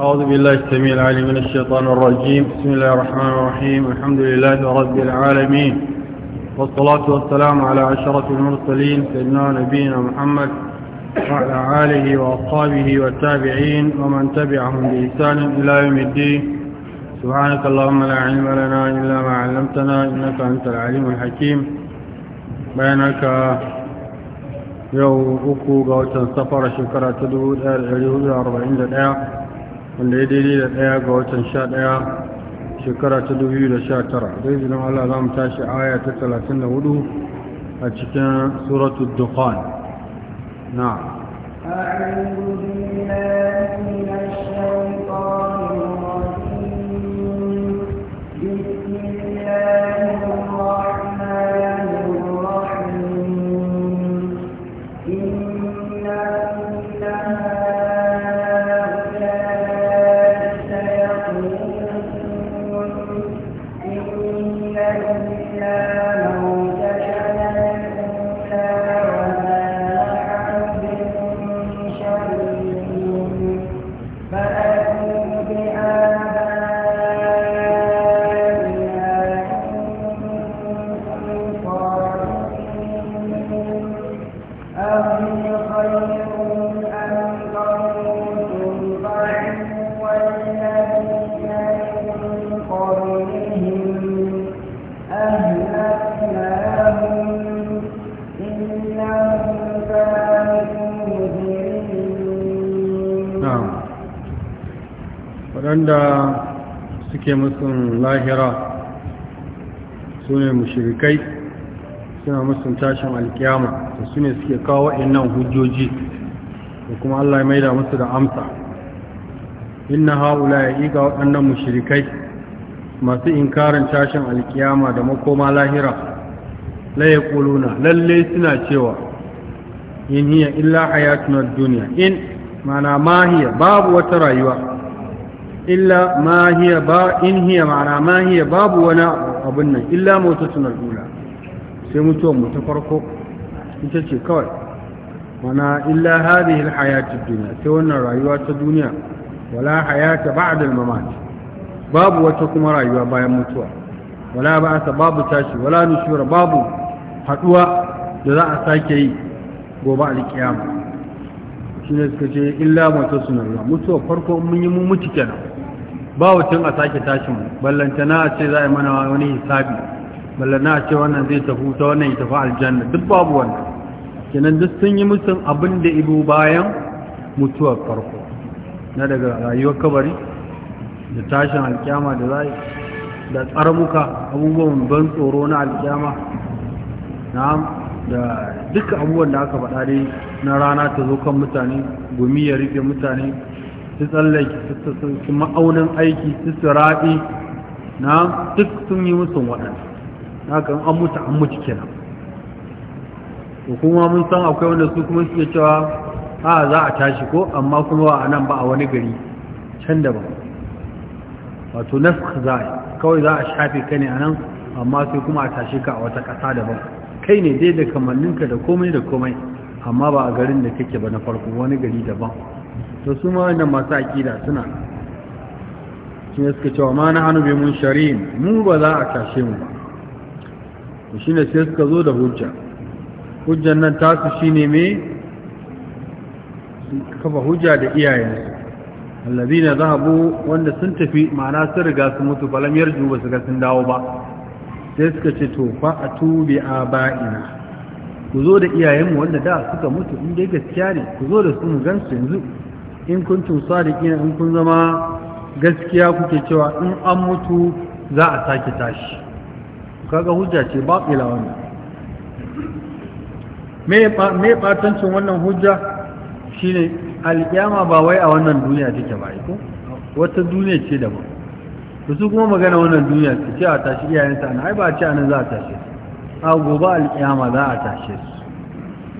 أعوذ بالله السميع العليم من الشيطان الرجيم بسم الله الرحمن الرحيم الحمد لله رب العالمين والصلاة والسلام على عشرة المرسلين سيدنا نبينا محمد وعلى آله وأصحابه والتابعين ومن تبعهم بإحسان إلى يوم الدين سبحانك اللهم لا علم لنا إلا ما علمتنا إنك أنت العليم الحكيم بينك يوم أكو قوة سفر شكرا تدور أربعين دقيقة wanda ya daidai da ɗaya ga watan sha ɗaya shekara ta dubu da sha tara da izinin Allah za mu tashi aya ta talatin da hudu a cikin suratu dukkan na waɗanda suke musun lahira su ne mushirikai suna musun tashin alkiyama da su ne suke kawo nan hujjoji da kuma Allah ya maida musu da amsa inna haula ya iga waɗannan mushirikai masu inkarin tashin alkiyama da makoma lahira laye kuluna lalle suna cewa in hiya illa hayatun duniya in mana mahiya babu wata rayuwa illa ma hiya ba in hiya ma'ana ma hiya babu wani abun nan illa mautatun al'ula sai mutuwan mu ta farko ita ce kawai mana illa hadhihi alhayatid duniya, sai wannan rayuwa ta duniya wala hayata ba'da almamat babu wata kuma rayuwa bayan mutuwa wala ba'sa babu tashi wala nushura babu haduwa da za a sake yi gobe alkiyama shine suka ce illa mautatun al'ula mutuwa farko mun yi mu mutu kenan ba wucin a sake tashin ballantana a ce za a yi mana wani hisabi ballantana a ce wannan zai tafi ta wannan ya tafi aljanna duk babu wannan kenan duk sun yi mutum abin da ibu bayan mutuwar farko na daga rayuwar kabari da tashin alkyama da zai da tsaramuka abubuwan ban tsoro na alkyama na da duka abubuwan da aka faɗa dai na rana ta zo kan mutane gumi ya rufe mutane su tsallake su ma'aunin aiki su siraɗi na duk sun yi musu waɗanda haka an mutu an mutu kenan to kuma mun san akwai wanda su kuma suke cewa a za a tashi ko amma kuma ba a nan ba a wani gari can da ba wato na za a kawai za a shafe ka ne a nan amma sai kuma a tashi ka a wata ƙasa daban kai ne dai da kamanninka da komai da komai amma ba a garin da kake ba na farko wani gari daban to su ma wannan masu aƙida suna shi ne suka cewa ma na hannu bai mun shari'in mu ba za a kashe mu ba shi ne sai suka zo da hujja hujjan nan tasu shi ne mai kafa hujja da iyayensu allazi na zahabu wanda sun tafi ma'ana sun riga su mutu falam yarju ba su ga sun dawo ba sai suka ce to fa a tubi a ba'ina ku zo da iyayenmu wanda da suka mutu inda gaskiya ne ku zo da su mu gansu yanzu in kun kuntum sadiqina in kun zama gaskiya kuke cewa in an mutu za a sake tashi kaga hujja ce ba ƙila wannan me batancin wannan hujja shine alƙiyama ba wai a wannan duniya take ba ko wata duniya ce da ba su kuma magana wannan duniya su ce a tashi iyayensa an ai ba a ce anan za a tashe su a gobe alƙiyama za a tashe su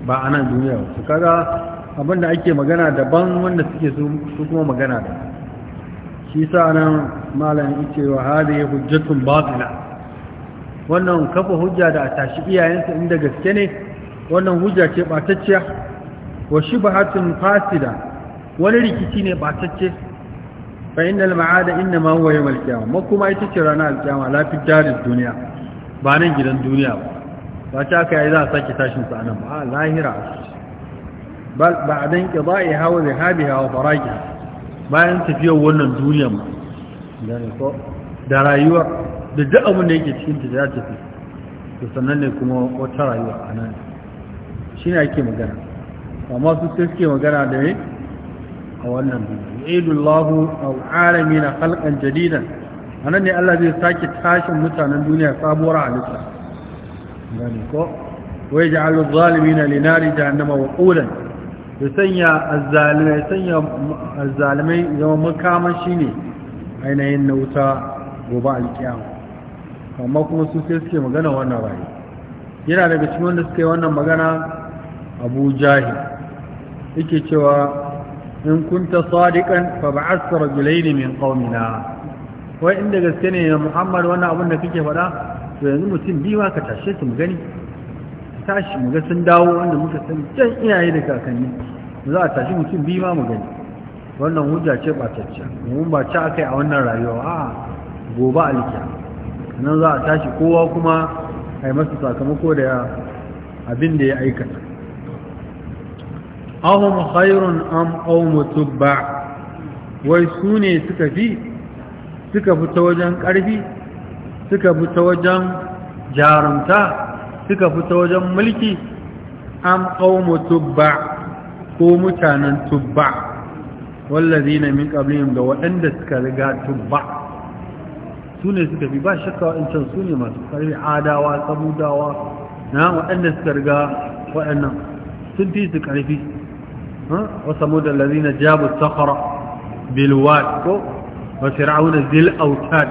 ba a nan duniya su kaga abinda ake magana daban wanda suke su kuma magana da shi sa nan malam ce wa hali hujjatun batila wannan kafa hujja da a tashi iyayensa inda gaske ne wannan hujja ce batacciya wa shubhatun fasida wani rikici ne batacce fa innal ma'ada innama huwa yawm al-qiyamah ma kuma ita ce ranar al lafiya jarin duniya ba nan gidan duniya ba ba ta yi za a sake tashin sa'anan nan ba lahira بعد انقضائها وذهابها وفراجها bayan tafiyar wannan duniyar ma da rayuwar da duk abin da yake cikin ta za tafi to sannan ne kuma wata rayuwa a nan shi ne ake magana amma su sai suke magana da ne a wannan duniya idullahu al'alami na halkan jadidan a nan ne allah zai sake tashin mutanen duniya sabuwar halitta gani ko wai ja'alu zalimina linari jahannama wa qulan ya sanya azzalimai ya sanya azzalimai zama makamashi ne ainihin na wuta gobe alkiyama amma kuma su sai suke magana wannan rayu yana daga cikin wanda suka yi wannan magana abu jahi yake cewa in kunta sadiqan fa ba'ath rajulayn min qaumina wa inda gaske ne Muhammad wannan abin da kake faɗa to yanzu mutum biyu ka tashe su mu gani tashi mu ga sun dawo wanda muka san can iyaye da kakanni za a tashi mutum biyu ma mu gani wannan hujja ce ce mun ba ci akai a wannan rayuwa a gobe alkiya nan za a tashi kowa kuma a yi masa sakamako da abin da ya aikata ahum khairun am qawmu tubba wai su ne suka fi suka fita wajen karfi suka fita wajen jarumta suka fito wajen mulki am qaumu tubba ko mutanen tubba wallazina min qablihim da waɗanda suka riga tubba su ne suka bi ba shakka wa'ancan su ne masu karfi adawa sabudawa na waɗanda suka riga waɗannan sun fi su karfi wa samudan lazina jabu sakhara bil wad ko wa fir'auna zil autad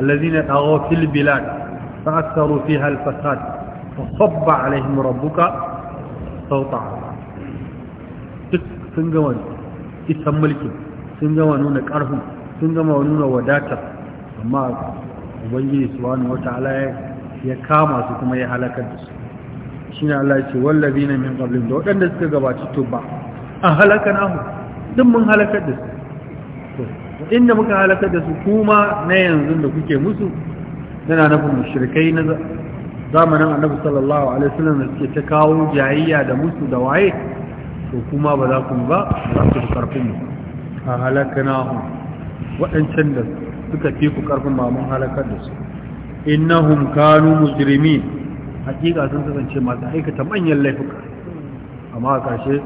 allazina taghaw fil bilad fa aktharu fiha al fasad فصب عليهم ربك صوت duk sun gama isan mulki, sun gama nuna ƙarfin sun gama nuna wadatar amma ubangiji subhanahu wata'ala ya kama su kuma ya halakar da su shine Allah ya ce wallazina min qablihim da wadanda suka gabaci tuba A halaka mu duk mun halakar da su to inda muka halakar da su kuma na yanzu da kuke musu yana nufin mushrikai na zamanin annabi sallallahu alaihi wasallam da suke ta kawo jayayya da musu da waye to kuma ba za ku ba za ku fi karfin mu a halakanahu waɗancan da suka fi ku karfin ba mun halakar da su innahum kanu mujrimin hakika sun kasance masu aikata manyan laifuka amma a ƙarshe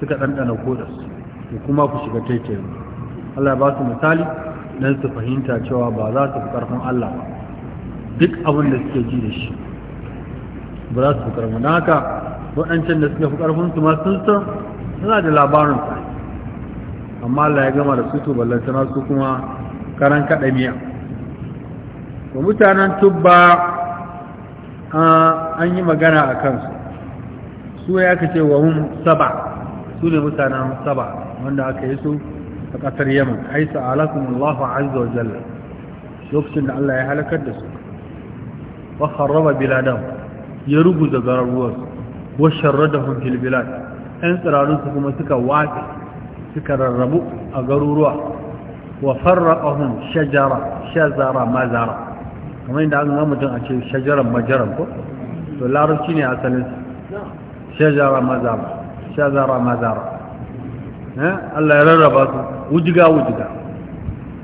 suka ɗanɗana ko da su to kuma ku shiga taitaye Allah ba su misali don su fahimta cewa ba za su fi ƙarfin Allah ba duk abin da suke ji da shi ba za su fi na haka waɗancan da suka fi karfin su masu sun suna da labarin su amma Allah ya gama da su to su kuma karan kaɗa miya ba mutanen tubba an yi magana a kansu su ya ka ce wa hun saba su ne mutanen saba wanda aka yi su a ƙasar yaman haisa alakun Allah azza wa jalla lokacin da Allah ya halakar da su wa kharraba biladan ya ruguza zararuwarsu wa sharradahum fil bilad Yan tsirarunsu kuma suka wace suka rarrabu a garuruwa wa farraqahum shajara shazara mazara kamar yadda an ga mutum a ce shajaran majaran ko to larabci ne asalin shajara mazara shazara mazara eh? Allah ya rarraba su wujiga wujiga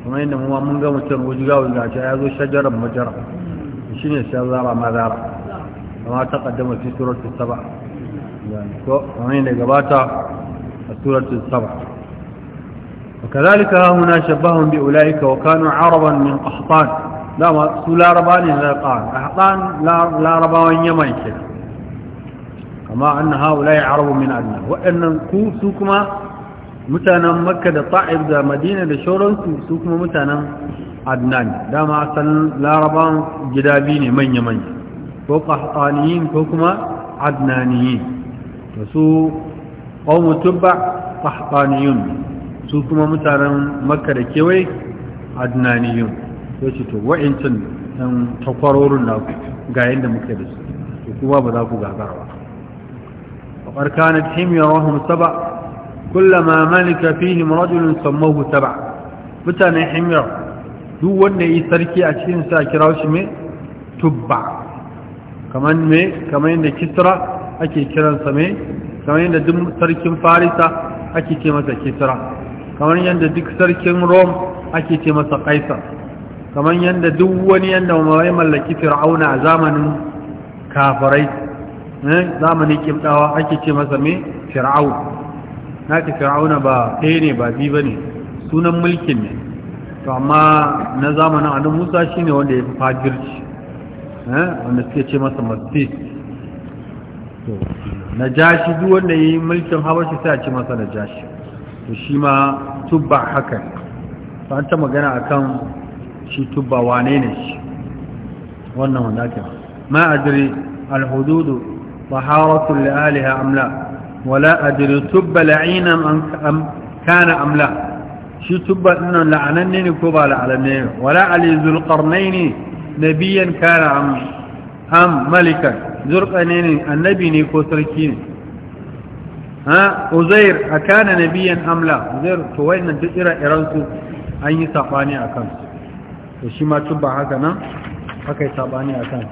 kuma yadda mu mun ga mutum wujiga wujiga ce ya zo shajaran majara ne shazara mazara kama ta kaddama fi suratul saba ko kamar yadda gabata a suratul saba وكذلك هنا شبههم بأولئك وكانوا عربا من قحطان لا ما سو لا ربان لا قان قحطان لا لا ربان يمن كما أن هؤلاء عرب من أدنى وأن كو كما متانا مكة دا طائف دا مدينة دا شورن سو كما متانا أدنان دا ما أصلا لا ربان جدابين من يمن ko qahtaniyin ko kuma adnaniyin da su qawmu tubba qahtaniyun su kuma mutanen makka da kewai adnaniyun to shi to wa'incin ɗan takwarorin na ga yanda muke da su ko kuma ba za ku gagara ba faqad kanat himya wa hum sab'a kullama malika fihim rajulun sammahu sab'a mutanen himya duk wanda yi sarki a cikin sa kira shi mai tubba kamar me kamar yadda kisra ake kiransa me kamar yadda duk sarkin farisa ake ce masa kisra kamar yadda duk sarkin rom ake ce masa kaisar kamar yadda duk wani yadda mai mallaki fir'auna a zamanin kafirai eh, zamanin kimdawa ake ce masa me fir'au naka fir'auna ba kai ne ba biyu ba ne sunan mulkin ne to amma na zamanin annabi Musa shine wanda ya fi fajirci Eh, wanda suke ce masa masjid na jashi duk wanda ya yi mulkin habashi sai a ce masa na jashi to shi ma tubba haka an ta magana akan shi tubba wane ne shi wannan wanda ake ma adiri alhududu طهارة لأهلها أم لا ولا أدري تب لعينا أم كان أم لا شي تب إنه لعنني كوبا لعنني wala علي ذو القرنين nabiyan kana am am malikan zurqane ne annabi ne ko sarki ne ha uzair akana nabiyan amla uzair to wannan duk ira iran su an yi sabani akan to shi ma tubba haka nan aka yi sabani akan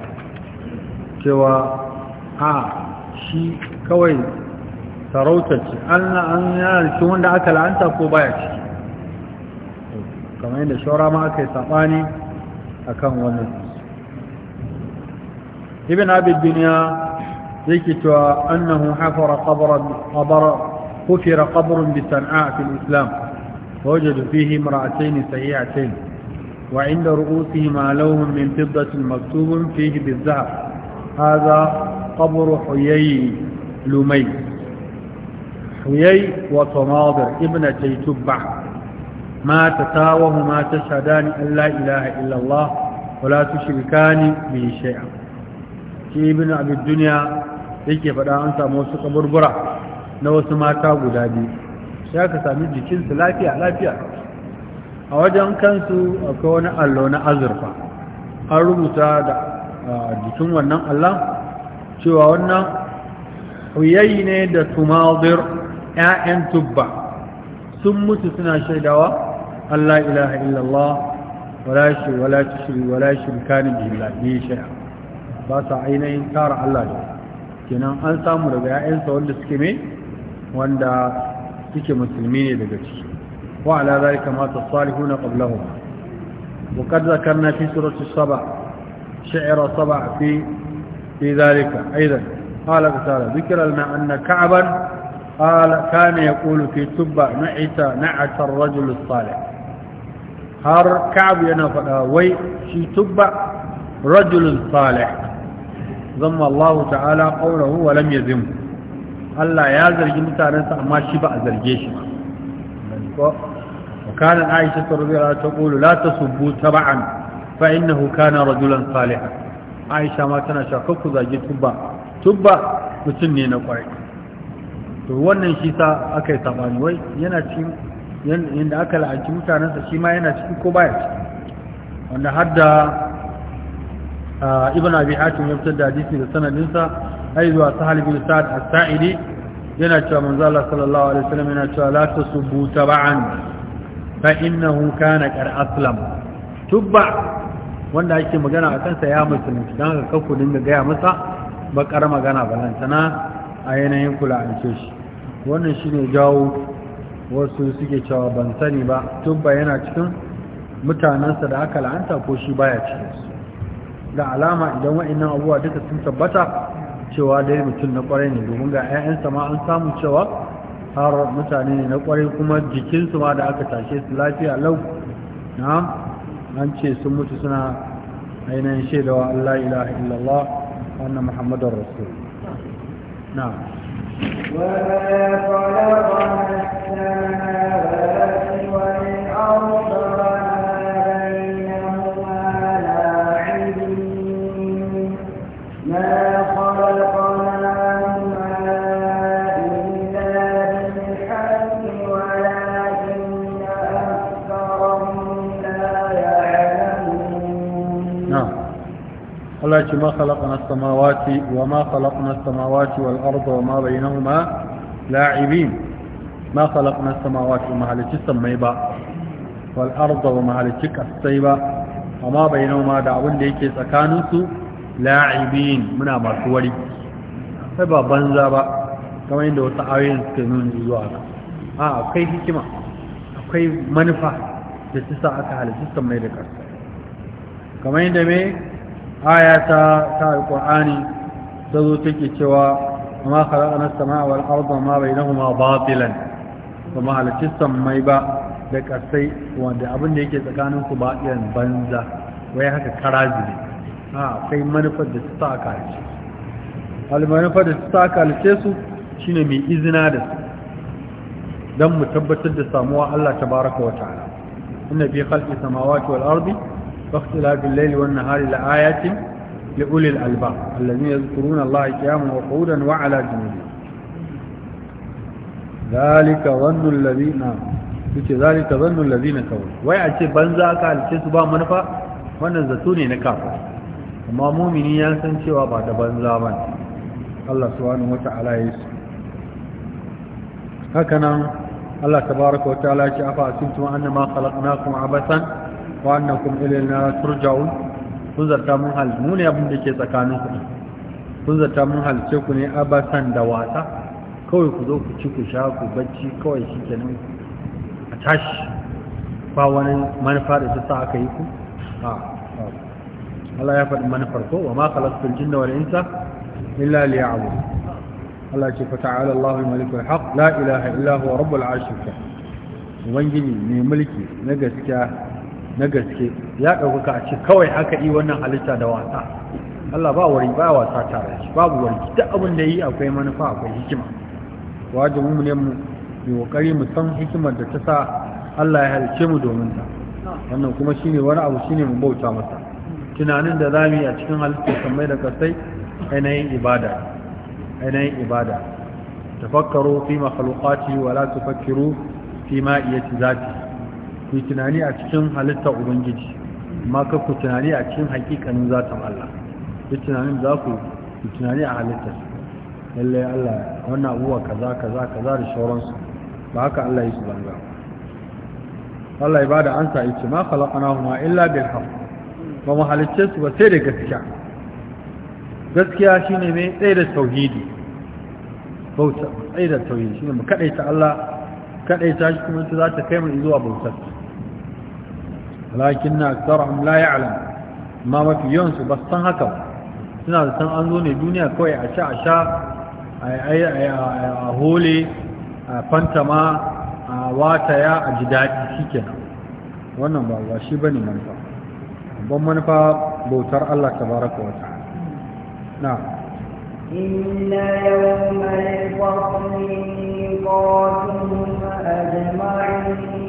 cewa a shi kawai sarautar ce an yana shi wanda aka la'anta ko baya ciki kamar yadda shawara ma aka yi sabani akan wannan ibn abi dunya yake cewa annahu hafara qabran qabara hufira qabrun bi san'a fi islam wajadu fihi imra'atayn sahihatayn wa 'inda ru'usihima lawhun min fiddatin maktubun fihi bi-dhahab hadha huyay lumay huyay wa tamadir ibn تبع ما تتاوهما تشهدان أن Allah, إله إلا الله ولا تشركان به شيئا في ابن أبي الدنيا yake faɗa an samu wasu kaburbura na wasu mata guda biyu sai aka sami jikinsu lafiya lafiya a wajen kansu akwai wani allo na azurfa an rubuta da jikin wannan allah cewa wannan huyayi ne da tumadir 'ya'yan tubba sun mutu suna shaidawa أن لا إله إلا الله ولا يشري ولا تشري ولا يشري كان به الله به شيئا باسا عيني على الله جاء كنا أنسى مرضي أنسى والسكمي واندى تلك مسلمين لقتش وعلى ذلك مات الصالحون قبلهم وقد ذكرنا في سورة الصبع شعر صبع في في ذلك أيضا قال قتالة ذكر لنا أن كعبا قال كان يقول في تبع نعت نعت الرجل الصالح har ka'ab yana faɗa wai shi tubba rajulun salih zama Allah ta'ala qawluhu wa lam yazim Allah ya zargi mutanensa amma shi ba a zarge shi ba wa Aisha radhiyallahu ta ƙulu, la tasubbu tab'an fa innahu kana rajulan salihan Aisha ma tana cewa ku zage tubba tubba mutum ne na ƙwai. to wannan shi sa aka yi sabani wai yana cikin yadda aka la'anci mutanensa shi ma yana ciki ko baya ciki wanda hadda ibn abi hatim ya fitar da hadisi da sanadinsa ai zuwa sahal bin sa'ad as-sa'idi yana cewa manzo Allah sallallahu alaihi wasallam yana cewa la tasubu tab'an fa innahu kana qad aslam tubba wanda ake magana a kansa ya musulunci don haka din dinga gaya masa bakar magana balantana a yanayin kula an ce shi wannan shine jawo wasu suke cewa ban sani ba tubba yana cikin mutanensa da aka la'anta ko shi baya cikinsu ga alama idan wa'annan abubuwa duka sun tabbata cewa dai mutum na kwarai ne domin ga 'ya'yansa ma an samu cewa har mutane ne na kwarai kuma jikinsu ma da aka tashe su lafiya lau na an ce sun mutu suna ainihin shaidawa Allah ilaha illallah wannan Muhammadun Rasul na وما خلقنا السماء tashi ma khalaqna as-samawati wa ma khalaqna as-samawati ma bainahuma la'ibin ma khalaqna as-samawati ma ba wal arda ma ba da abin da yake tsakanin su la'ibin muna masu wari sai ba banza ba kamar yadda wasu ayoyin suka nuna zuwa ga a akwai hikima akwai manufa da su sa aka halittu samai da ƙasa kamar yadda mai aya ta ta alqur'ani da zo take cewa amma khalaqna as-samaa wal arda ma bainahuma batilan kuma halitta sammai ba da kasai wanda abin da yake tsakanin ku ba irin banza wai haka karaji ne a akwai manufar da ta aka halice al manufar da ta aka su shine mai izina da su dan mu tabbatar da samuwa Allah tabaaraka wa ta'ala inna fi khalqi samawati wal ardi واختلاف الليل والنهار لآيات لأولي الألباب الذين يذكرون الله قياما وقعودا وعلى جنوبهم ذلك ظن الذين yace zalika zannu allazina kafaru wai a ce banza ka alce su ba manufa wannan zato ne na kafa amma mumini ya san cewa ba da banza ba Allah subhanahu wata'ala ya yi haka nan Allah tabaaraka annama wa annakum ilayna turja'un kun zarta mun hal mu ne abin da ke tsakanin ku kun zarta mun halce ku ne abasan da wasa kawai ku zo ku ci ku sha ku bacci kawai shi shikenan a tashi ba wani manufa da ta sa aka yi ku a Allah ya faɗi manufar ko wa ma khalaqtul jinna wani insa illa abu. Allah ce Allah ta'ala Allahu malikul haq la ilaha illa huwa rabbul arshil karim ubangiji mai mulki na gaskiya na gaske ya ɗaukaka a ce kawai haka yi wannan halitta da wasa Allah ba wari ba wasa tare shi babu wari duk abin da yi akwai manufa akwai hikima Wajen mu ne mu yi kokari mu san hikimar da ta sa Allah ya halice mu domin ta wannan kuma shine wani abu shine mu bauta masa tunanin da mu yi a cikin halitta, kamar da kasai ainihin ibada ainihin ibada tafakkaru fi makhluqati wa la tufakkiru fi ma'iyati zati ku tunani a cikin halitta ubangiji amma ka ku tunani a cikin hakikanin zatan Allah ku tunanin za ku ku tunani a halittar lallai Allah wannan abuwa kaza kaza kaza da sauransu ba haka Allah ya su banga Allah ya bada ansa yace ma khalaqnahuma illa bil haqq ba mu halicce su ba sai da gaskiya gaskiya shine mai tsaye da tauhidi bauta tsaye da tauhidi shine mu kadaita Allah kadaita shi kuma za ta kai mu zuwa bautar lakin na aksarahum la ya'lam amma mafi yawan su ba san haka ba suna da san an zo ne duniya kawai a sha a sha a hole a fantama a wataya a ji daɗi shikenan wannan ba ba shi ne manufa babban manufa bautar Allah tabaraka wa ta'ala na'am إن يوم الفصل ميقاتهم أجمعين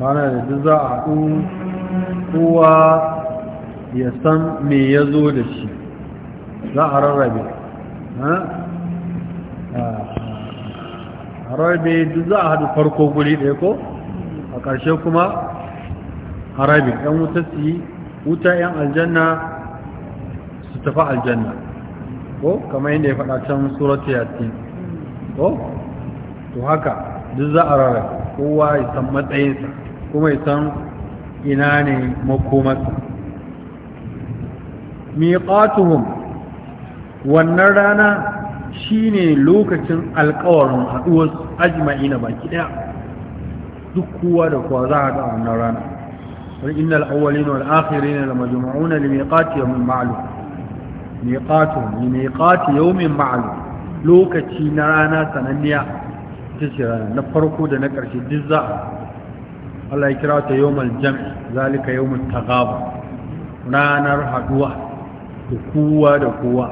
ana da duk za a haɗu ya san me ya zo da shi za a rarrabe a rarrabe duk za a haɗu farko guri ɗaya ko a ƙarshe kuma a rabe ɗan wuta su yi wuta 'yan aljanna su tafi aljanna ko kamar yadda ya faɗa can surat yasin ko to haka duk za a rarrabe kowa ya san matsayinsa kuma ya san ina ne makomarsa miqatuhum wannan rana shine lokacin alkawarin haduwar ajma'ina baki ɗaya. duk kowa da kowa za a ga wannan rana wani inna al'awwalin wal akhirin la majmu'una li miqati yawmin ma'lum miqatu li miqati yawmin ma'lum lokaci na rana sananniya ita ce rana na farko da na ƙarshe duk za a Allah ya kira ta yawon jam'i zalika yawon tagabun ranar haduwa da kowa da kowa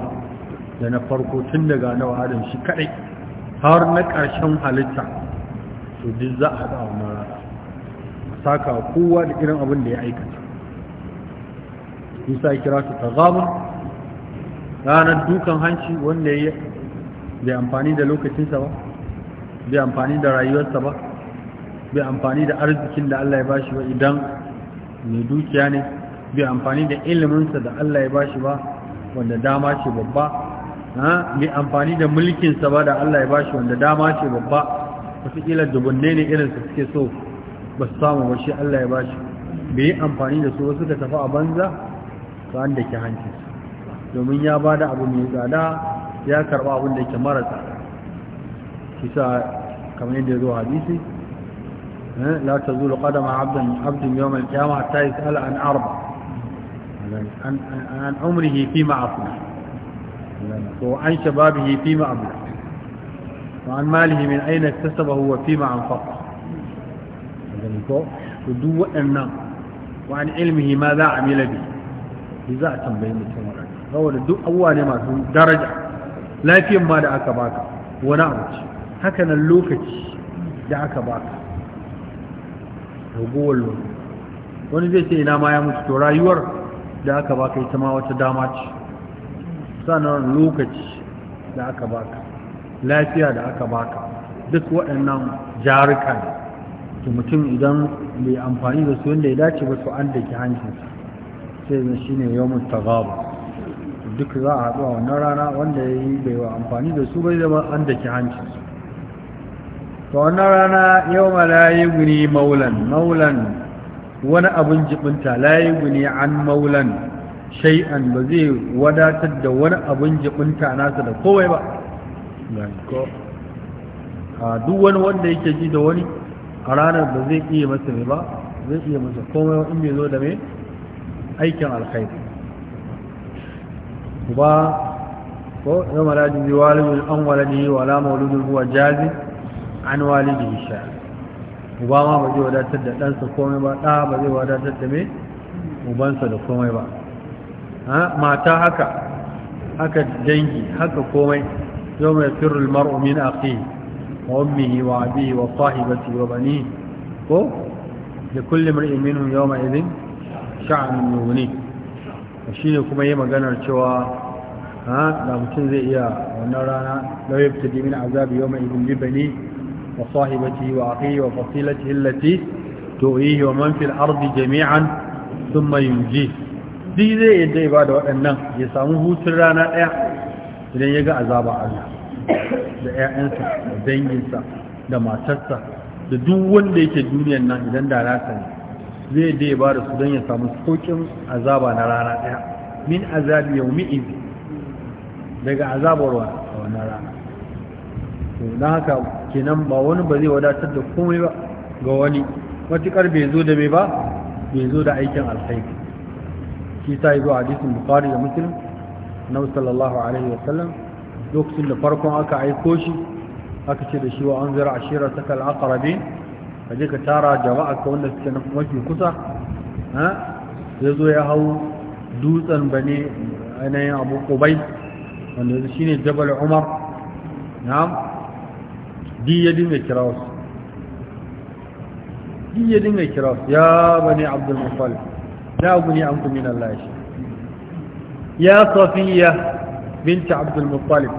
da na farko tun daga nawa wa'adun shi kadai har na ƙarshen halitta to duk za a ɗawa mara A saka kowa da irin abin da ya aikata isa kira ta tagabun ranar dukan hanci wanda ya yi amfani da lokacinsa ba bai amfani da rayuwarsa ba bai amfani da arzikin da Allah ya bashi ba idan mai dukiya ne bai amfani da iliminsa da Allah ya bashi ba wanda dama ce babba bai amfani da mulkinsa ba da Allah ya bashi wanda dama ce babba wataƙila dubunne ne irinsa suke so ba su samu ba shi Allah ya bashi bai yi amfani da su wasu suka tafi a banza su an da ke hanci domin ya ba da abu mai tsada ya karɓa abin da ke mara tsada kisa kamar yadda zuwa hadisi لا تزول قدم عبد عبد يوم القيامة حتى يسأل عن أربع عن, عن عمره فيما أصلح وعن شبابه فيما أبلغ وعن ماله من أين اكتسبه وفيما أنفق ودو أن وعن علمه ماذا عمل به إذا بين التمرد هو الدو أول ما درجة لكن ما دعك باك ونعرج هكذا اللوكة دعك باك ragowar lori wani zai ce ina ma ya mutu to rayuwar da aka baka ita ma wata dama ce sanar lokaci da aka baka lafiya da aka baka duk waɗannan jarukan ne to mutum idan bai amfani da su wanda ya dace ba su an da ke hancinsa sai zai shi ne yawon gaba. duk za a haɗu wannan rana wanda ya yi bai wa amfani da su bai zama an da ke hancinsa to wannan rana yau ma layi guni maulan maulan wani abin jibinta layi guni an maulan shay'an ba zai wadatar da wani abin jibinta nasa da kowai ba a duk wani wanda yake ji da wani a ranar ba zai iya masa mai ba zai iya masa komai in bai zo da mai aikin alkhairi ba ko yau malajin ziwalin an waladihi wala mauludin huwa jazi. an walidi sha uba ma ba zai wadatar da ɗansa komai ba ɗa ba zai wadatar da mai ubansa da komai ba mata haka haka dangi haka komai yau mai firul marumin min aqi wa ummihi wa abihi wa sahibati wa bani ko da kullum mar'in minhum yawma idhin sha'anun yughni shine kuma yi maganar cewa da mutum zai iya wannan rana lauyar ta dimin azabi yau mai ibin libani وصاحبته وأخيه وفصيلته التي تؤيه ومن في الأرض جميعا ثم ينجيه duk yadda ya ba waɗannan ya samu hutun rana ɗaya idan ya ga azaba da ‘ya'yansa da danginsa da matarsa da duk wanda yake duniyan nan idan da rasa ne zai yadda ya ba da su don ya samu sokin azaba na rana ɗaya min daga rana haka kenan ba wani ba zai wadatar da komai ba ga wani matukar bai zo da mai ba bai zo da aikin alkhairi shi ta yi zuwa hadisin bukhari da muslim na sallallahu alaihi wa sallam lokacin da farkon aka aiko shi aka ce da shi wa an zira ashira ta kal aqrabi ka je ka tara jama'a ka wanda suke na mafi kusa ha ya zo ya hau dutsen bane yanayin abu kubai wanda shine jabal umar na'am di ya dinga kira wasu di ya dinga kira wasu ya bani abdul muttalib la aghni ankum min allah ya safiya Binta abdul muttalib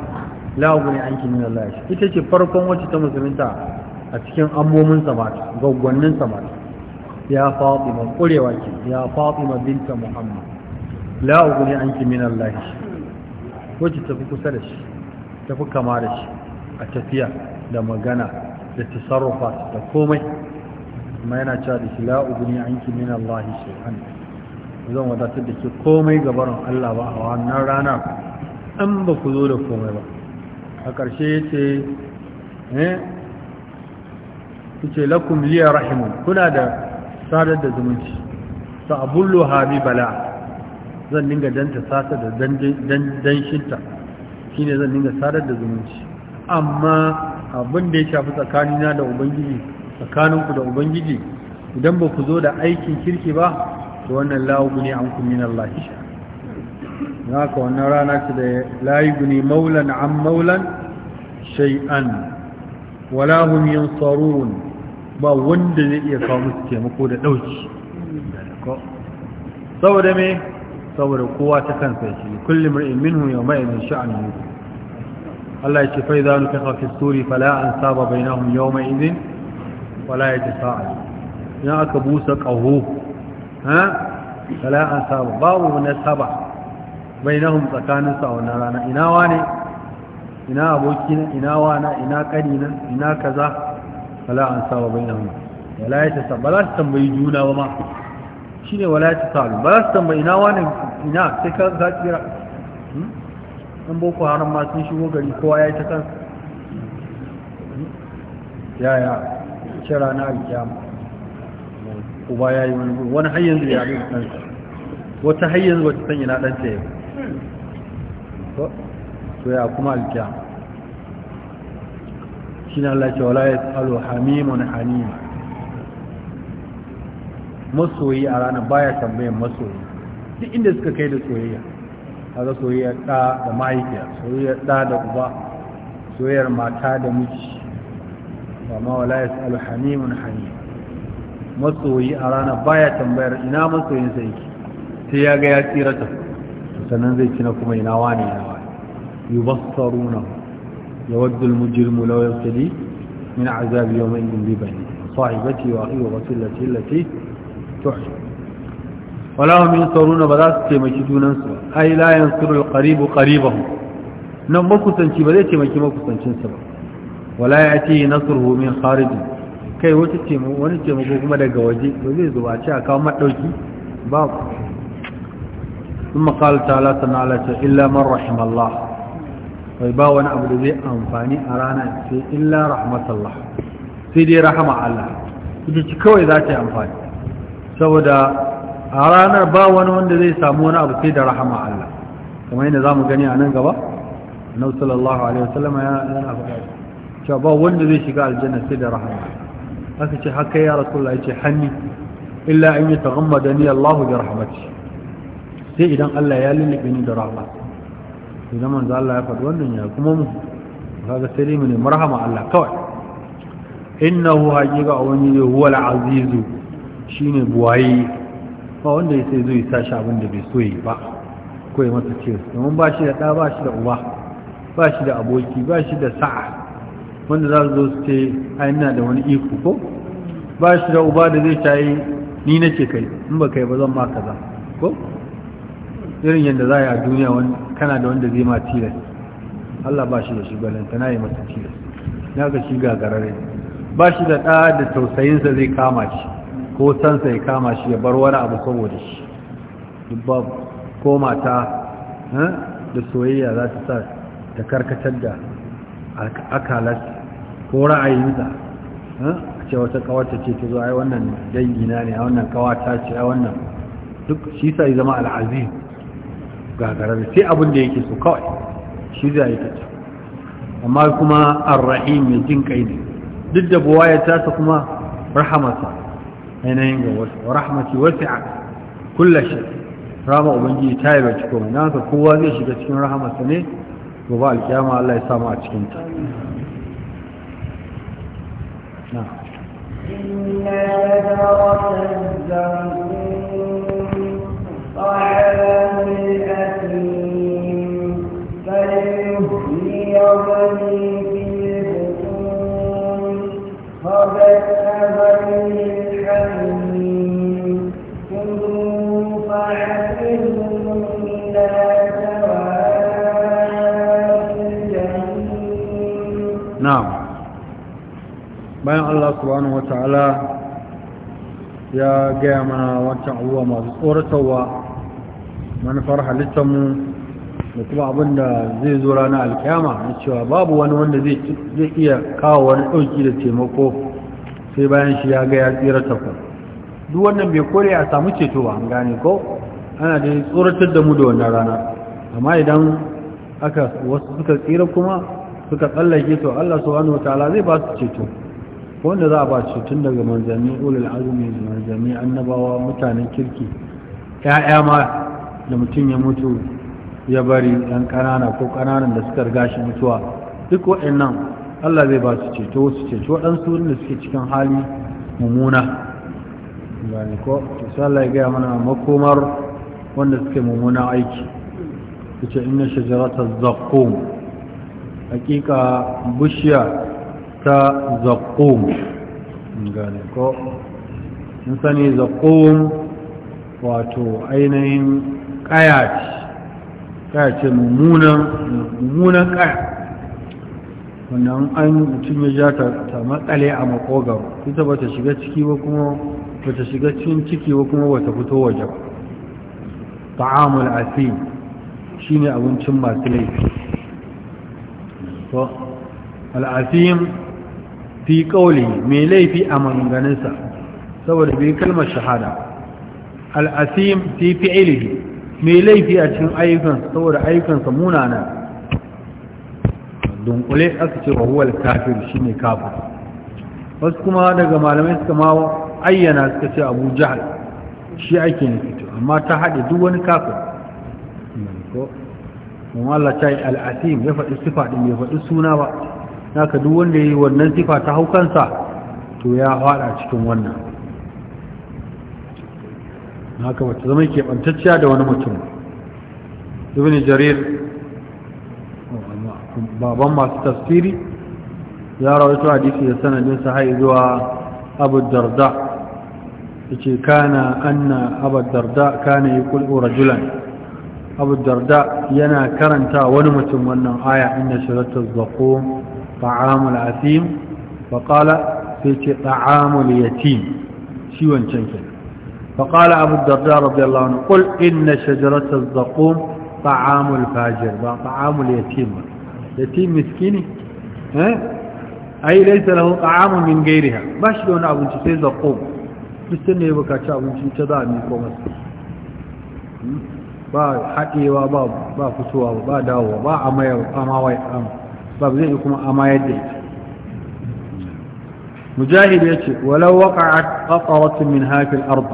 la aghni anki min allah ita ce farkon wacce ta musulunta a cikin ammomin samata gaggwannin samata ya fatima kurewa ki ya fatima Binta muhammad la aghni anki min allah wacce ta fi kusa da shi ta fi kama da shi a tafiya da magana da tasarrufa da komai kuma yana cewa da shi la an ki min Allah shay'an zan wadatar da ke komai gabarin Allah ba a wannan rana an ba ku zo da komai ba a ƙarshe ya ce eh ce lakum liya rahimun kuna da sadar da zumunci sa'abullu habi bala zan dinga danta sata da danshinta shine zan dinga sadar da zumunci amma abin da ya shafi tsakanina da ubangiji tsakaninku da ubangiji idan ba ku zo da aikin kirki ba to wannan lawu ne an kun min Allah na ka wannan rana ce da layu ne maulan an maulan shay'an wala hum yansarun ba wanda zai iya kawo musu taimako da ɗauki. saboda me saboda kowa ta kansa shi kullum mar'in minhu mai yadin Allah ya ce fa idza nufiqa fi suri fala ansaba bainahum yawma idhin wala yatasaa'a idan aka busa qahu fala ansaba babu nasaba bainahum tsakanin sa rana ina wane ina abokina ina wana ina kanina ina kaza fala ansaba bainahum wala yatasaa'a ba za su tambayi juna ba ma tambayi ina ina sai ka in boko haram ma sun shigo gari kowa ya yi ta kansa yaya ce rana alkiyama uba ya yi wani wani hanyar zuwa yi da kansa wata hanyar zuwa ta sanya na ɗanta yau. to ya kuma alkiyama shi na lafiya wala ya tsalo hamimun hanima masoyi a ranar baya tambayin masoyi duk inda suka kai da soyayya kaga soyayyar ɗa da mahaifiya soyayyar ɗa da uba soyayyar mata da miji ba ma wala ya sa'alu hamimun hamim masoyi a rana baya tambayar ina masoyin sa yake sai ya ga ya tsira ta sannan zai cina kuma ina wani ina wani yubassaruna yawaddu al-mujrimu law yabtali min azabi yawmin bi bani sahibati wa akhi wa rasulati allati tuhib walahum yansuruna ba za su taimaki junan su ai la yansuru alqaribu qaribahu nan makusanci ba zai taimaki makusancin ba wala yati nasruhu min kharij kai wata wani taimako kuma daga waje to zai zo a ce a kawo madauki ba ثم قال تعالى تعالى إلا من رحم الله ويباون أبو ذي أنفاني أرانا في إلا رحمة الله سيدي رحمة الله يجي كوي ذاتي amfani? Saboda. a ranar ba wani wanda zai samu wani abu sai da rahama Allah kamar yadda zamu gani a nan gaba annabi sallallahu alaihi wasallam yana faɗa cewa ba wanda zai shiga aljanna sai da rahama haka ce haka ya rasulullahi ce hanni illa an yataghammadani Allah bi rahmatihi sai idan Allah ya lullube ni da rahama idan manzo Allah ya faɗi wannan ya kuma mu kaga sai dai mu ne marhama Allah kawai innahu haqiqa wani ne huwa al-azizu shine buwaye ba wanda ya sai ya tashi abin da bai so yi ba ko ya masa ce domin ba shi da ɗa ba shi da uba ba shi da aboki ba shi da sa'a wanda za su zo su ce a yana da wani iko ko ba shi da uba da zai tayi ni na ce kai in ba kai ba zan ma kaza ko irin yadda za a yi a duniya kana da wanda zai ma tilas Allah ba shi da shi balanta na yi masa tilas na ga shi gagarare ba shi da ɗa da tausayinsa zai kama shi ko sansa ya kama shi ya bar wani abu saboda shi dubba ko mata eh, da soyayya za ta sa ta karkatar da akalas ko ra'ayinsa a eh, ce wata kawata ce ta zo ai wannan dangina ne a wannan kawata ce a wannan duk shi sa yi zama al'azi gagarar sai abin da yake so kawai shi zai yi kacce amma kuma arrahim mai jin kai ne duk da buwa ya tasa kuma rahamarsa ainihin ga wasu wa wasu a kulla shi rama ubangiji ta yi bai ciko mai nasa kowa zai shiga cikin rahamarsa ne gobe alkiyama Allah ya samu a cikin ta na bayan Allah subhanahu taala ya gaya mana wancan abubuwa masu tsoratarwa manufar halittarmu da kuma abinda zai zo rana alkyama na cewa babu wani wanda zai iya kawo wani ɗauki da taimako sai bayan shi ya gaya tsirata ku duk wannan bai kore a samu ceto ba an gane ko ana da tsoratar da mu da wannan rana amma idan aka wasu suka tsira kuma suka tsallake to Allah subhanahu taala zai ba su ceto wanda za a ba ce tun daga manzanni ulul azumi manzanni annabawa mutanen kirki ya'ya ma da mutum ya mutu ya bari yan ƙanana ko ƙananan da suka riga shi mutuwa duk waɗannan Allah zai ba su ceto su ceto waɗansu da suke cikin hali mummuna gane ko to Allah ya gaya mana makomar wanda suke mummuna aiki yace inna shajarata zaqqum hakika bishiya ta zaƙom gane ko in sani zaƙom wato ainihin ƙayaci ƙayace mummunan ƙaya wannan an mutum ya ja ta matsale a makogar ita ba ta shiga ciki ba kuma ba ta shiga cikin ciki ba kuma ba ta fito waje ba ta'amul asim shine abincin masu laifi al'asim fi mai laifi a maganganunsa saboda bai kalmar shahada al'asim fi fi'ilihi mai laifi a cikin ayyukansa saboda ayyukansa munana dunkule aka ce wa huwal kafir ne kafir wasu kuma daga malamai suka ma ayyana suka ce abu jahal shi ake fito amma ta haɗe duk wani kafir kuma Allah ta yi al'asim ya faɗi sifa ɗin ya faɗi suna ba naka duk wanda ya yi wannan sifa ta haukansa to ya haɗa cikin wannan haka wata zama ke ɓantacciya da wani mutum ibn jarir baban masu tafsiri ya rawaito hadisi da sanadin sahai zuwa abu darda yace kana anna abu darda kana yaqulu rajulan abu darda yana karanta wani mutum wannan aya inna shiratta zaqum طعام العثيم فقال فيك طعام اليتيم شي وانشان فقال أبو الدرداء رضي الله عنه قل إن شجرة الزقوم طعام الفاجر طعام اليتيم يتيم مسكيني ها أي ليس له طعام من غيرها باش دون أبو الشيء زقوم بستنى يبقى أبو الشيء تضعني كومس ba haɗewa فتوى fitowa ba dawowa ba a amawai amma ba zai kuma amayar da ita mujahid ya ce walau waqa'at qataratun min haifin ard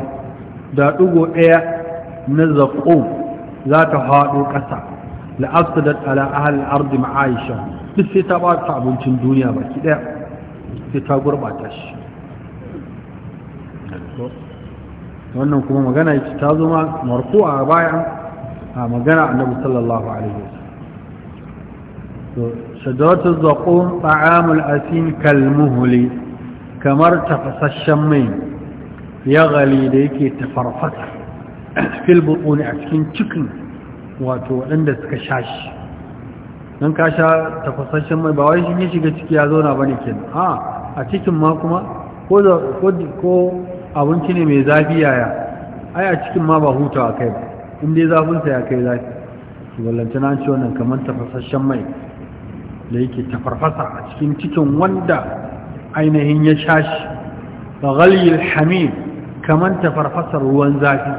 da dugo ɗaya na zaqum za ta hado kasa la afsadat ala ahli al-ard ma'aisha duk sai ta ba ta abincin duniya baki ɗaya sai ta gurɓata shi wannan kuma magana ya ce ta zo ma a baya a magana annabi sallallahu alaihi wasallam shadawatu zaqum ta'amul asin kalmuhli kamar tafasasshen mai ya gali da yake tafarfata fil butuni a cikin cikin wato waɗanda suka sha shi don ka tafasasshen mai ba wai shi ne shiga ciki ya zauna ba ne ke a cikin ma kuma ko abinci ne mai zafi yaya ai a cikin ma ba hutawa kai ba dai zafinsa ya kai zafi an wannan kamar tafasasshen mai da yake tafarfasa a cikin cikin wanda ainihin ya shashi da ghalil hamim kaman tafarfasar ruwan zafi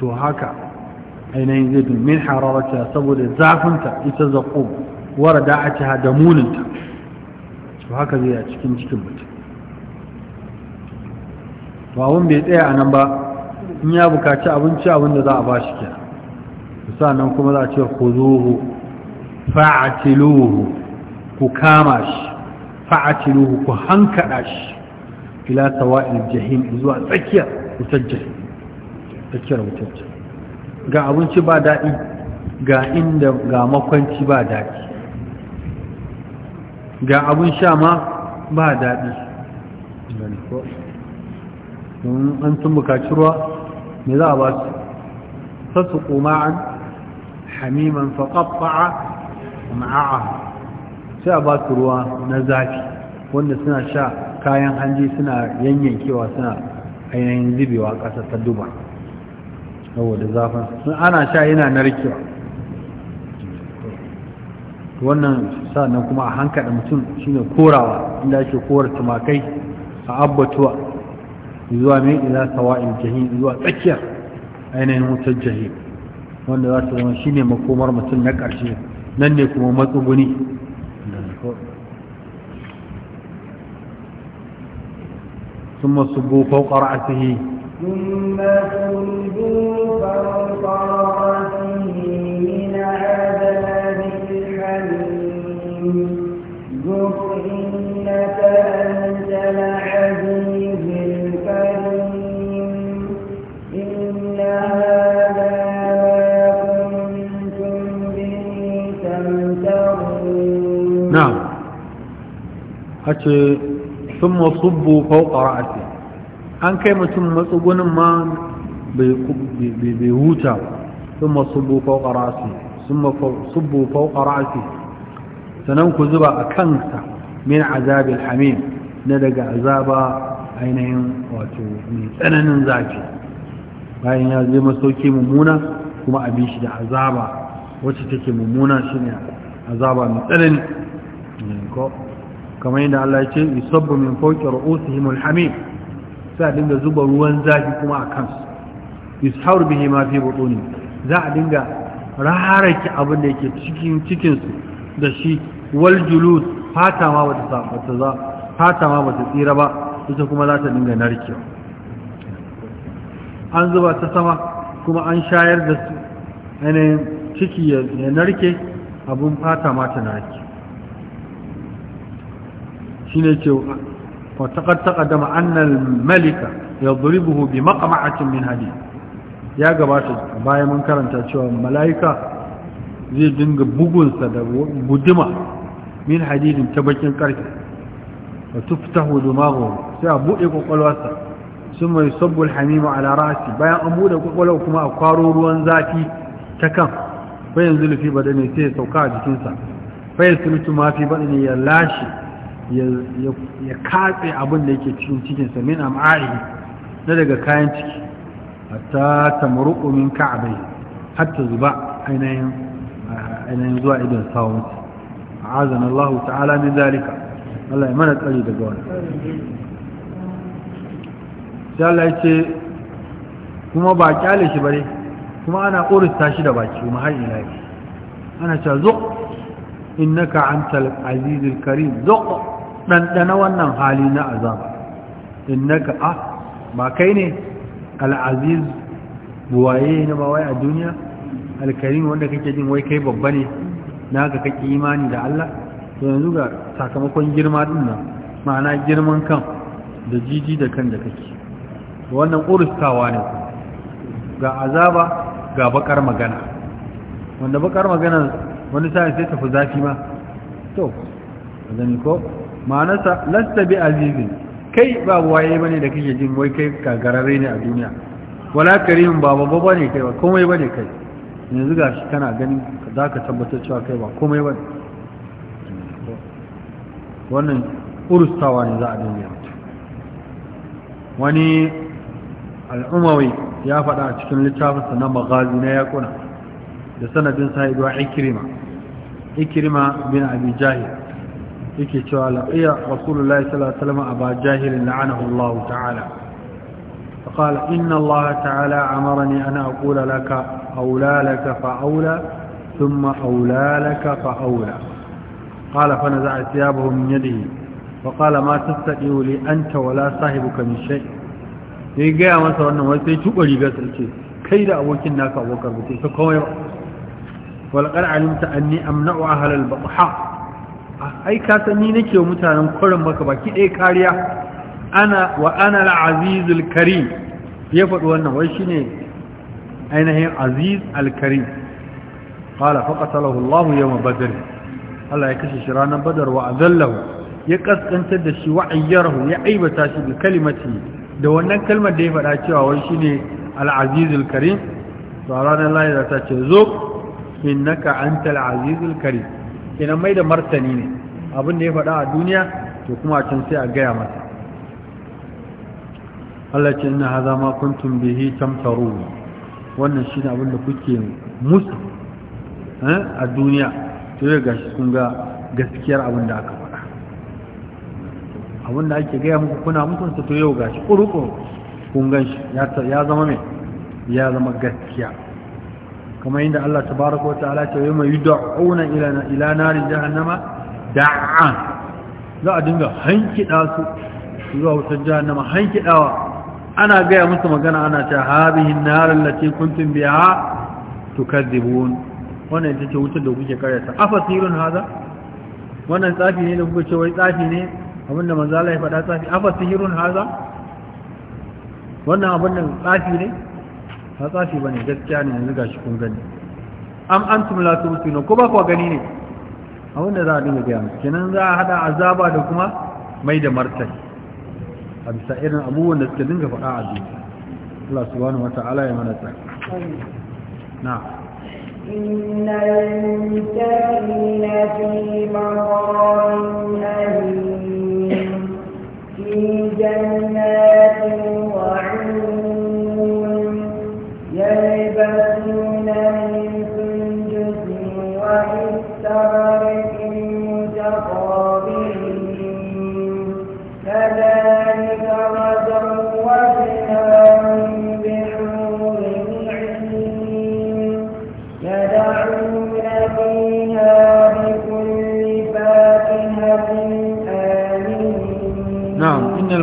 to haka ainihin zai min hararata saboda zafinta ita zaƙo wara da da'ata da muninta to haka zai a cikin cikin mutum To abin bai tsaya a nan ba in ya bukaci abinci abinda za a ba shi kenan nan kuma za a ce ku zuhu fa'atiluhu ku kama shi fa'atiluhu ku hankada shi ila tawa'il jahim zuwa tsakiyar wutar jahim tsakiyar wutar ga abinci ba daɗi ga inda ga makwanci ba daɗi ga abin sha ma ba daɗi don an tun bukaci ruwa me za a ba su sassu an hamiman faƙaɓa'a ma'a sai a ba su ruwa na zafi wanda suna sha kayan hanji suna yanyankewa suna ainihin zubewa ƙasa ta duba saboda zafin sun ana sha yana narkewa wannan sa'annan kuma a hankali mutum shine korawa inda ake kowar tumakai a abbatuwa zuwa mai ila sawa'in jahim zuwa tsakiyar ainihin wutar jahim wanda za su zama shine makomar mutum na ƙarshe nan ne kuma matsuguni ثم صبوا فوق رأسه ثم صبوا فوق رأسه hace sun masubbu fauka ra'asi an kai mutum matsugunin ma bai huta sun masubbu fauka ra'asi sun masubbu fauka ra'asi sanan ku zuba a kansa min azabin hamim na daga azaba ainihin wato mai tsananin zafi bayan ya zai masauki mummuna kuma abin shi da azaba wacce take mummuna shi ne azaba mai tsanani kamar yadda Allah ya ce yusabbu min fawqi ru'usihim al-hamim za a dinga zuba ruwan zafi kuma a kansu yushaur bihi ma fi butuni za a dinga rarake abin da yake cikin cikin su da shi wal julud fata ma bata sa bata za fata ma bata tsira ba ita kuma za ta dinga narkewa an zuba ta sama kuma an shayar da su ainihin ciki ya narke abun fata ma ta narke shine ce wa taqad taqaddama anna malika yadribuhu bi maqma'atin min hadid ya gabata bayan mun karanta cewa mala'ika zai dinga bugunsa da guduma min hadidin ta bakin karfe wa tuftahu dimaghu sai a buɗe kwakwalwarsa sun mai sabbul hamimu ala ra'asi bayan an buɗe kwakwalwar kuma a kwaro ruwan zafi ta kan bayan zulufi badane sai ya sauka a jikinsa fayar surutu mafi badane ya lashe ya katse abin da yake cikin cikinsa min am'ari na daga kayan ciki hatta tamruqu min ka'bai hatta zuba ainihin zuwa idon sawun azan Allah ta'ala min zarika. Allah ya mana tsari daga wani. sai Allah ya ce kuma ba kyale shi bare kuma ana ƙorista shi da baki kuma har ila ana cewa zuq innaka antal azizul karim zuq ɗanɗana wannan hali na na ka a ah, ba kai ne al'aziz buwaye na bawai a duniya alkarin wanda kake jin wai kai babba ne na ka kake imani da Allah to yanzu ga sakamakon girma din nan ma'ana girman kan da jiji da kan da kake wannan urustawa ne ga azaba ga bakar magana wanda bakar magana wani sa'a sai tafi zafi ma to zani ko ma'anarsa lasta bi azizin kai ba waye bane da kake jin wai kai kagararre ne a duniya wala karimin ba babba bane kai ba komai bane kai yanzu gashi kana ganin ka tabbatar cewa kai ba komai bane wannan urustawa ne za a duniya wani al'umawi ya faɗa a cikin littafinsa na magazi na yakuna da sanadin sahibu ikirima ikirima bin abi jahil yake cewa laqiya rasulullahi sallallahu alaihi wasallam aba jahil la'anahu Allah ta'ala faqala inna Allah ta'ala amarani ana aqula laka awlalaka fa awla thumma awlalaka fa awla qala fa naza'a thiyabahu min yadihi faqala ma tastaqiu li anta wala sahibuka min shay yi ga masa wannan wai sai tuko riga sai kai da abokin naka abokar bace sai kawai wal qala alimta anni amna'u ahla al-bahr ai ka san ni nake wa mutanen koren maka baki ɗaya kariya ana wa ana al-azizul karim ya faɗi wannan wai shine ainihin aziz al-karim qala faqatalahu Allah yawm badr Allah ya kashe shi ranar badar wa azallahu ya kaskantar da shi wa ayyarahu ya aibata shi da kalimati da wannan kalmar da ya faɗa cewa wai shine al-azizul karim to ranar Allah ya ta ce zo innaka antal azizul karim kenan mai da martani ne abin da ya faɗa a duniya to kuma a can sai a gaya masa Allah ce ina haza ma kuntum bihi tamtaru wannan shi ne abin da kuke musu eh, a duniya to ya gashi kun ga gaskiyar abin da aka faɗa abin da ake gaya muku kuna mutunta to yau gashi ƙuruƙuru kun gan shi ya zama mai ya zama gaskiya kamar yadda Allah ta wa ta'ala ce yau mai yud'una ila ila narin jahannama da'a za a dinga hankida su zuwa wutar jahannama hankidawa ana gaya musu magana ana ta habihin narin lati kuntum biha tukadzibun wannan ita ce wutar da kuke karyata afasirun haza wannan tsafi ne da kuka ce wai tsafi ne abinda manzo Allah ya faɗa tsafi afasirun haza wannan abin nan tsafi ne Hatsafi tsafi ba ne gaskiya ne yanzu ga shi kun gani am an tumla turutu ne ko ba kuwa gani ne a wanda za a dinga gaya musu kenan za a haɗa azaba da kuma mai da martani a bisa irin abubuwan da suka dinga faɗa a duniya Allah subhanahu wata'ala ya mana tsaka na إن الإنسان في مقام أمين في جنات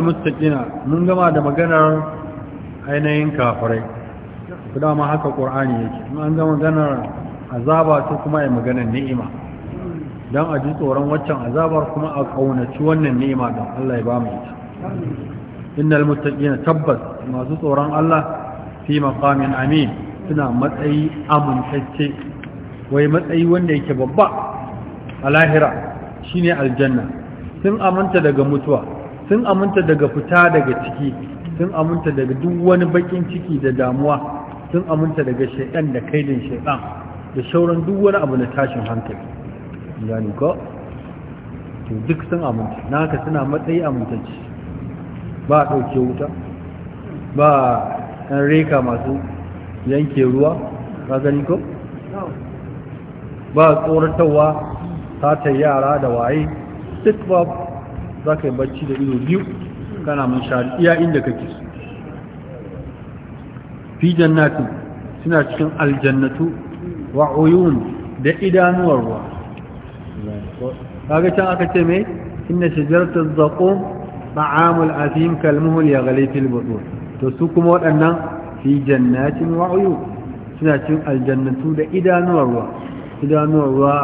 innal mustaqina mun gama da maganar ainihin kafirai kuma ma haka qur'ani yake mun an gama maganar azaba ta kuma ai maganar ni'ima dan a ji tsoron waccan azabar kuma a kaunaci wannan ni'ima da Allah ya ba mu ita innal mustaqina tabbas masu tsoron Allah fi maqamin amin suna matsayi amintacce wai matsayi wanda yake babba a lahira shine aljanna sun aminta daga mutuwa sun aminta daga fita daga ciki sun aminta daga duk wani bakin ciki da damuwa sun aminta daga shaidan da kaidin shaidan da shauran duk wani abu na tashin hankali yani ko to duk sun aminta na haka suna matsayi amintacci ba a ɗauke wuta ba an reka masu yanke ruwa ba gani ko ba tsoratarwa satar yara da waye duk ba za ka yi bacci da ido biyu kana mun shari iya inda kake su fi jannatin suna cikin aljannatu wa uyun da idanuwar ruwa kaga can aka ce mai inna shajaratul zaqum ta'amul azim kalmuhul yaghli fil butun to su kuma waɗannan fi jannatin wa uyun suna cikin aljannatu da idanuwar ruwa idanuwar ruwa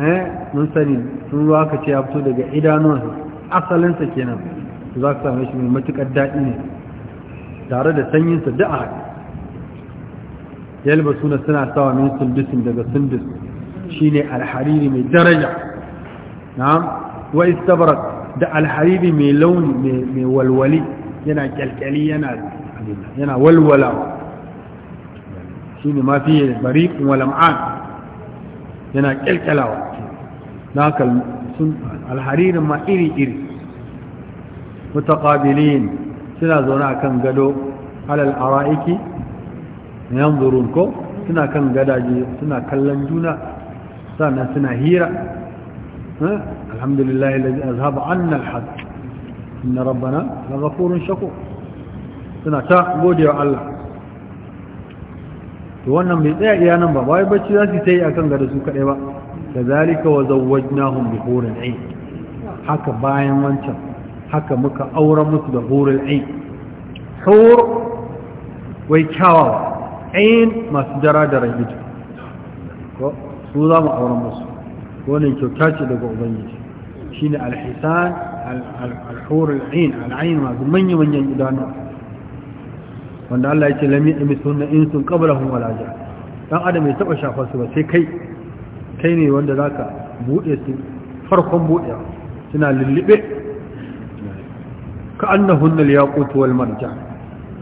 eh mun sani ruwa ka ce ya fito daga idanuwar asalinsa kenan za ka same shi mai matuƙar daɗi ne tare da sanyinsa da'a. yalba suna suna sawa min sundusin daga sundus shi ne alhariri mai daraja na wa istabarak da alhariri mai launi mai walwali yana kyalkyali yana walwala shi ne bari bariƙin walam'an yana kyalkyalawa na haka sun alharirin ma iri-iri mutaqabilin suna zaune a kan gado alal ara'iki yanzurun ko suna kan gadaje suna kallon juna sannan suna hira eh? alhamdulillah alladhi zaba anna alhad inna rabbana laghafurun shako, suna ta gode wa Allah to wannan bai tsaya iya nan ba bai bacci za su ta yi a kan gado su kaɗai ba da zalika wa zawwajnahum bi hurin ain haka bayan wancan haka muka aura musu da hurul ain hur wai kyawawa ain masu jara da rahitu ko su za mu aura musu wannan kyauta ce daga ubangiji shine alhisan alhurul ain al'ain masu manya manyan idanu wanda Allah ya ce lam yadmi sunna insun qablahum wala ja dan adam ya taba shafa su ba sai kai kai ne wanda zaka bude su farkon budewa suna lullube ka annahun nal yaqut wal marjan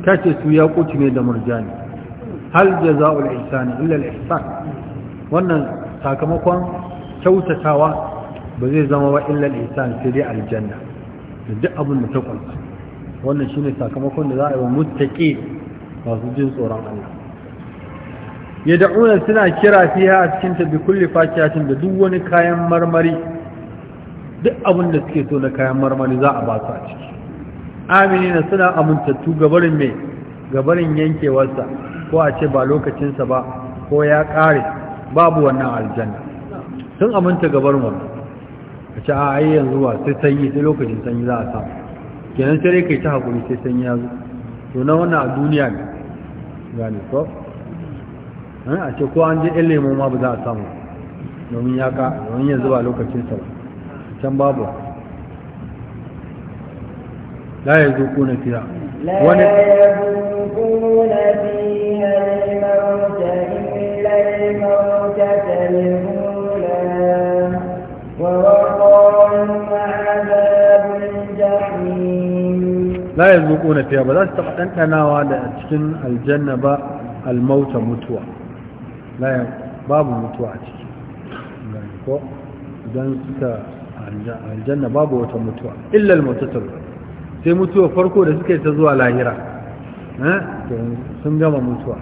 ce su yaqut ne da marjani hal jazaa'ul ihsani illa al ihsan wannan sakamakon kyautatawa ba zai zama ba illa al ihsan sai dai aljanna duk abin da ta kwanta wannan shi ne sakamakon da za a yi wa muttaqi masu jin tsoron Allah yad'una suna kira fiha a cikin ta bi kulli fakiyatin da duk wani kayan marmari duk abin da suke so na kayan marmari za a ba su a ciki aminina suna amintattu gabarin mai gabarin yankewarsa ko a ce ba lokacinsa ba ko ya ƙare babu wannan aljanna sun aminta gabarin wani. a ce a ayyan yanzu sai sanyi sai lokacin sanyi za a samu kenan sai dai kai ta haƙuri sai sanyi ya zo to na wannan a duniya ne ne ko eh, a ce ko an je ɗin lemo ma ba za a samu domin ya ka domin yanzu ba lokacinsa ba كم بابه لا يذوقون فيها لا يذوقون فيها الموت إلا الموت الأولى ووقعهم عذاب الجحيم لا يذوقون فيها بل أنت ناوى لأتكن الجنة الموت متوى لا يذوقون فيها باب متوى أتكن إذن ستا aljanna babu wata mutuwa illal mutatul sai mutuwa farko da suke ta zuwa lahira eh? sun gama mutuwa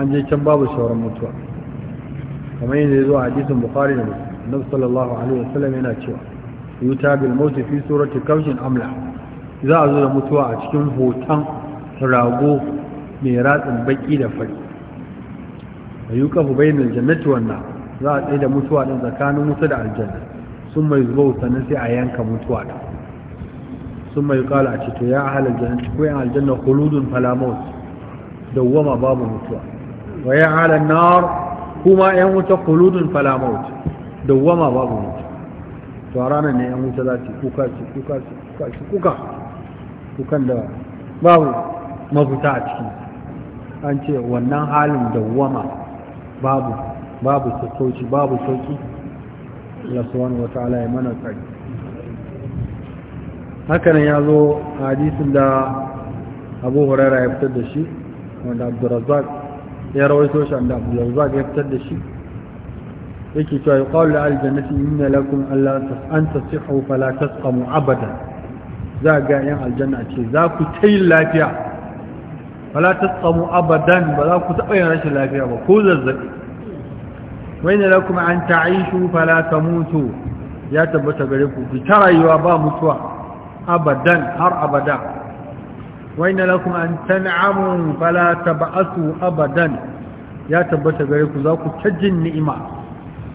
an je can babu shawarar mutuwa kamar yadda ya zo a hadisin bukhari da annabi sallallahu alaihi wasallam yana cewa yuta bil maut fi surati kawshin amla za a zo da mutuwa a cikin hoton rago mai ratsin baki da fari ayyuka hubainul jannati wannan za a tsaye da mutuwa din tsakanin wuta da aljanna sun mai zuwa sannan sai a yanka mutuwa da sun mai kala a cito ya ahalar janna ko yan aljanna huludun falamos dawwama babu mutuwa wa ya ahalar nar kuma yan wuta huludun falamos dawwama babu mutuwa to a ranar ne yan wuta za su kuka su kuka su kuka su kuka kukan da babu mafuta a cikin. an ce wannan halin dawwama babu babu sassauci babu sauki Allah wataala ya mana tsari hakanan ya zo hadisun da Abu Hurairah ya fitar da shi wanda Abdurrazzaq ya rawaito shi wanda Abdurrazzaq ya fitar da shi yake cewa yuqalu lil aljannati inna lakum Allah, an tasihhu fala tasqamu abada za a ga yan aljanna ce za ku ta yin lafiya fala tasqamu abadan ba za ku taɓa yin rashin lafiya ba ko zazzaɓi waina lakum an ta'ishu fala tamutu ya tabbata gare ku ku tarayuwa ba mutuwa abadan har abada waina lakum an tan'amu fala tab'asu ya tabbata gare ku za ku ta jin ni'ima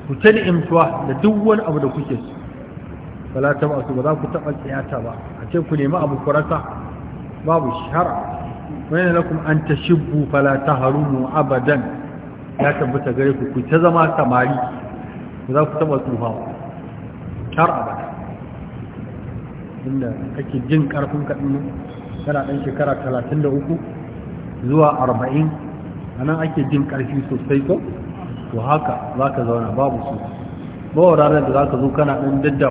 ku ta ni'imtuwa da duk wani abu da kuke so fala tab'asu ba za ku taɓa tsayata ba a ce ku nemi abu ku rasa babu shara waina lakum an tashibbu fala taharumu abadan ya tabbata gare ku ku ta zama samari ku za ku taba tsufa har abada inda kake jin karfin kaɗin nan kana ɗan shekara talatin da uku zuwa arba'in a nan ake jin ƙarfi sosai ko to haka za ka zauna babu su ba ranar da za ka zo kana ɗan daddawa